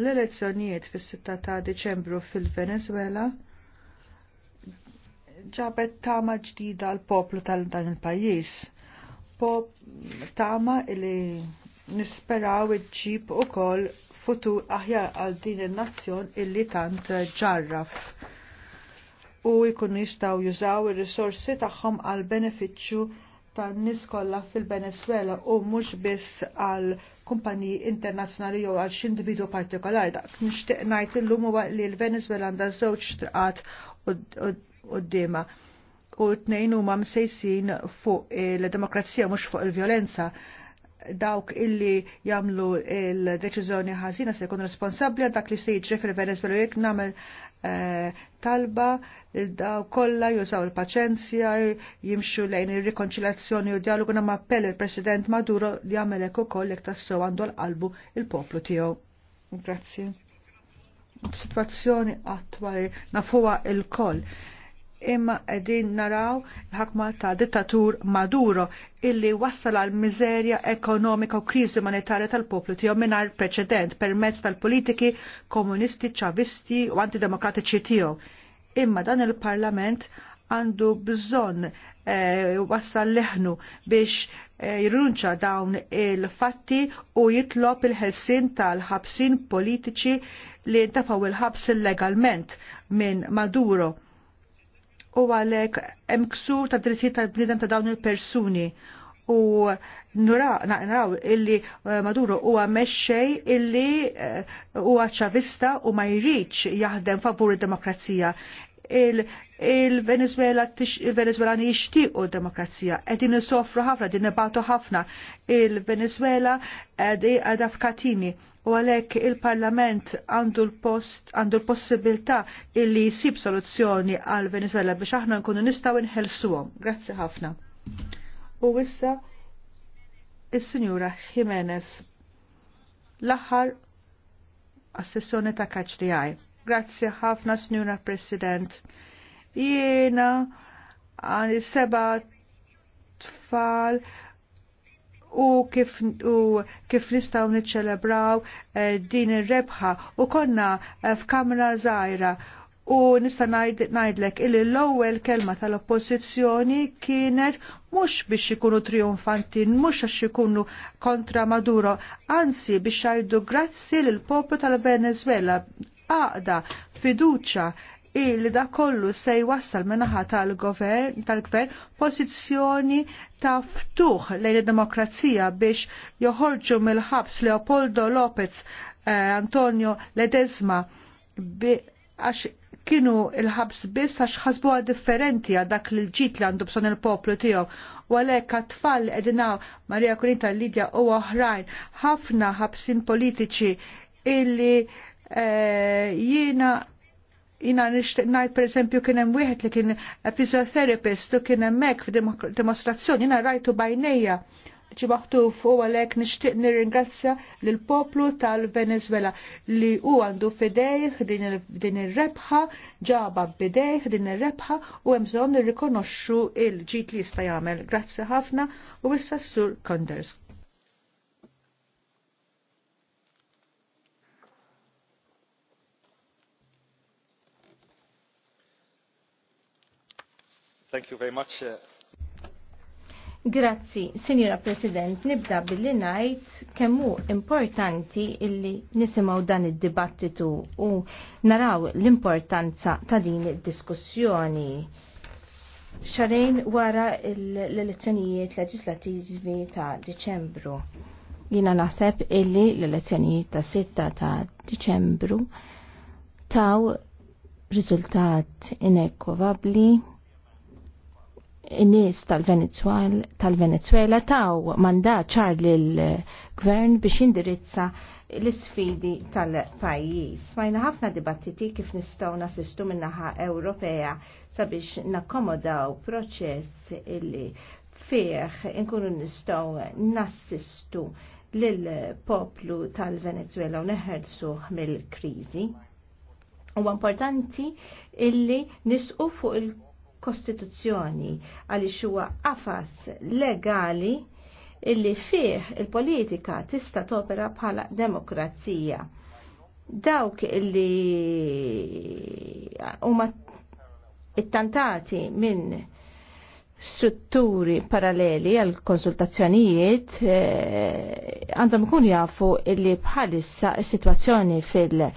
L-elezzjonijiet fis-6 ta' Deċembru fil-Venezuela ġabet tama ġdida l poplu tal-dan il-pajjiż pop tama li nisperaw iġġib u kol futur aħjar għal din il-nazzjon illi tant ġarraf u jkunu jistaw jużaw il-risorsi tagħhom għal beneficju tan nies kollha fil-Venezuela u mhux biss għal kumpaniji internazzjonali jew għal xi individu partikolari. Dak nixtieq ngħid illum huwa li l-Venezuela għandha żewġ traqat qudiema. U, u t-nejn huma msejsin fuq il-demokrazija mhux fuq il-vjolenza dawk illi jamlu il-deċiżjoni ħażina se jkun responsabbli għal dak li se jiġri fil-Venezuela jekk nagħmel eh, talba daw kollha jużaw il-paċenzja jimxu lejn ir-rikonċiljazzjoni u dialogu namma appell il-President Maduro li jagħmel hekk ukoll jekk tassew għandu l-qalbu il-poplu tiegħu. Grazzi. Situazzjoni attwali nafuha il-koll imma qegħdin naraw ħakma ta' dittatur Maduro illi wassal għal miżerja ekonomika u kriżi monetarja tal-poplu tiegħu mingħajr preċedent permezz tal-politiki komunisti, ċavisti u antidemokratiċi tiegħu. Imma dan il-Parlament għandu bżonn e, wassal leħnu biex e, jirrunċa dawn il-fatti u jitlob il-ħelsin tal-ħabsin politiċi li ntafaw il-ħabs illegalment minn Maduro u għalek emksu ta' drittijiet tal-bnidem ta' dawn il-persuni u naraw illi eh, Maduro huwa mexxej illi eh, huwa ċavista u ma jridx jaħdem favur id-demokrazija il-Venezuela il-Venezuelani jixtiequ demokrazija qegħdin isofru ħafna din nibatu ħafna il-Venezuela għadha f'katini u għalhekk il-Parlament għandu l-post għandu l-possibilità illi jsib soluzzjoni għal Venezuela biex aħna nkunu nistgħu nħelsuhom. Grazzi ħafna. U issa is-Sinjura Jimenez l-aħħar għas ta' kaċ Grazzi ħafna, Snuna President. Jiena għani seba tfal u kif, u kif nistaw niċċelebraw eh, din ir-rebħa u konna eh, f'kamra zaħira u nista' ngħidlek il l-ewwel kelma tal-oppożizzjoni kienet mhux biex ikunu trionfanti, mhux għax ikunu kontra Maduro, anzi biex għajdu grazzi lill poplu tal-Venezuela għaqda fiduċa illi da kollu se jwassal minnaħa tal-gvern tal-gvern pozizjoni ta' ftuħ lejn id-demokrazija biex joħorġu mill-ħabs Leopoldo Lopez eh, Antonio Ledesma għax kienu il-ħabs biss għax ħasbuha differenti għal dak li l-ġit li għandu bżon il-poplu tiegħu u għalhekk għat-tfal qegħdinaw Marija Kurinta Lidja u oħrajn ħafna ħabsin politiċi illi Eh, jiena jina nishtiq najt per eżempju kien hemm wieħed li kien physiotherapist u kien hemmhekk f'dimostrazzjoni jiena rajtu bajnejja ġi maħtuf u għalek nishtiq nirringrazzja lill poplu tal-Venezuela li u għandu fidejħ din il-rebħa, ġaba bidejħ din il-rebħa u għemżon nirrikonoxxu il-ġit li jista' jagħmel. Grazzi ħafna u issa sur Kondersk. Thank you very much. Uh, Grazzi, Sinjora President, nibda billi najt kemmu importanti illi nisimaw dan id-dibattitu u naraw l-importanza ta' din id-diskussjoni. Xarejn wara l-elezzjonijiet leġislativi ta' Deċembru. Jina naħseb illi l-elezzjonijiet ta' 6 ta' Deċembru taw riżultat inekkovabli n-nies tal-Venezuela taw m'anda ċar lill-gvern biex indirizza l-isfidi tal-pajjiż. Smajna ħafna dibattiti kif nistgħu nasistu min-naħa Ewropea sabiex nakkomodaw proċess illi fih inkunu nistgħu nassistu lill-poplu tal-Venezuela u neħersuħ mill-kriżi. U importanti illi nisqu fuq il kostituzzjoni għaliex huwa qafas legali illi fih il-politika tista' topera bħala demokrazija. Dawk illi huma it-tantati minn strutturi paralleli għal konsultazzjonijiet eh, għandhom ikun jafu illi bħalissa is-sitwazzjoni fil-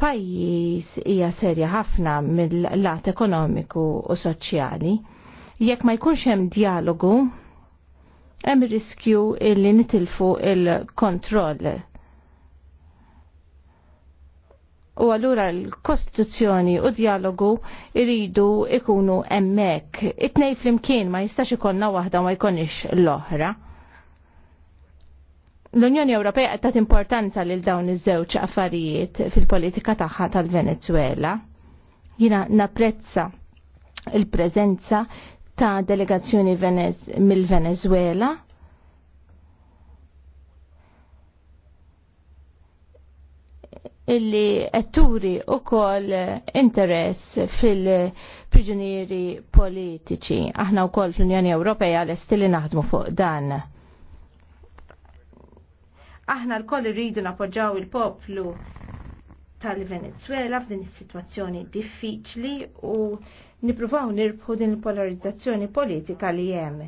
pajjiż hija serja ħafna mill-lat ekonomiku u soċjali. Jekk ma jkunx hemm dialogu, hemm riskju illi nitilfu il-kontroll u allura l-Kostituzzjoni u dialogu iridu ikunu emmek. It-nej flimkien ma jistax ikonna waħda ma jkunx l-oħra. L-Unjoni Ewropea qed tagħti importanza lil dawn iż-żewġ affarijiet fil-politika tagħha tal-Venezuela. Jina napprezza il-preżenza ta' delegazzjoni mill-Venezuela illi etturi u kol interess fil-priġunieri politiċi. Aħna u kol fl-Unjoni Ewropea l-estili naħdmu fuq dan. Aħna l-koll rridu napoġġaw il-poplu tal-Venezuela f'din is-sitwazzjoni diffiċli u nippruvaw nirbħu din il-polarizzazzjoni politika li hemm.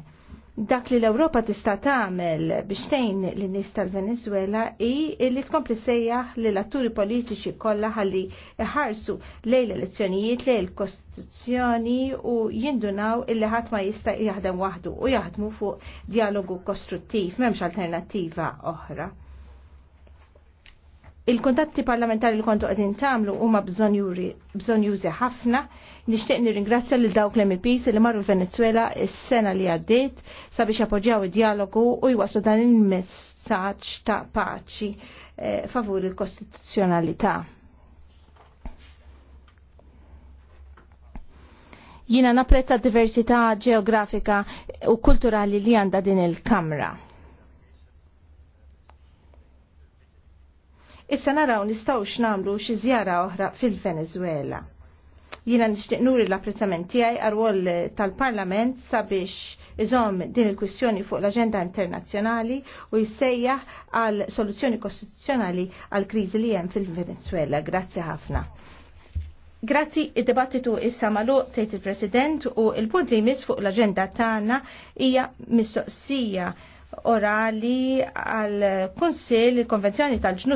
Dak li l-Ewropa tista' tagħmel biex tgħin lin-nies tal-Venezuela hi li tkompli sejjaħ li l-atturi politiċi kollha ħalli iħarsu lejn l-elezzjonijiet lejn l-Kostituzzjoni u jindunaw illi ħadd ma jista' jaħdem waħdu u jaħdmu fuq dialogu kostruttiv m'hemmx alternattiva oħra. Il-kontatti parlamentari li kontu għedin tamlu huma bżon jużi ħafna. Nixtieq nirringrazzja lil dawk l-MPs li marru l-Venezuela s sena li għaddiet sabiex appoġġjaw id-dialogu u jwaslu dan il-messaġġ ta' paċi eh, favur il-kostituzzjonalità. Jina napprezza diversità ġeografika u kulturali li għanda din il-Kamra Issa naraw nistaw xnamlu xi żjara oħra fil-Venezuela. Jina nixtieq nuri l-apprezzament tiegħi għarwol tal-Parlament sabiex iżomm din il-kwistjoni fuq l-aġenda internazzjonali u jissejjaħ għal soluzzjoni kostituzzjonali għal kriżi li hemm fil-Venezuela. Grazzi ħafna. Grazzi id-debattitu issa malu tgħid il-President u il-punt li jmiss fuq l-aġenda tagħna hija mistoqsija orali għal Kunsill il-Konvenzjoni tal ġnu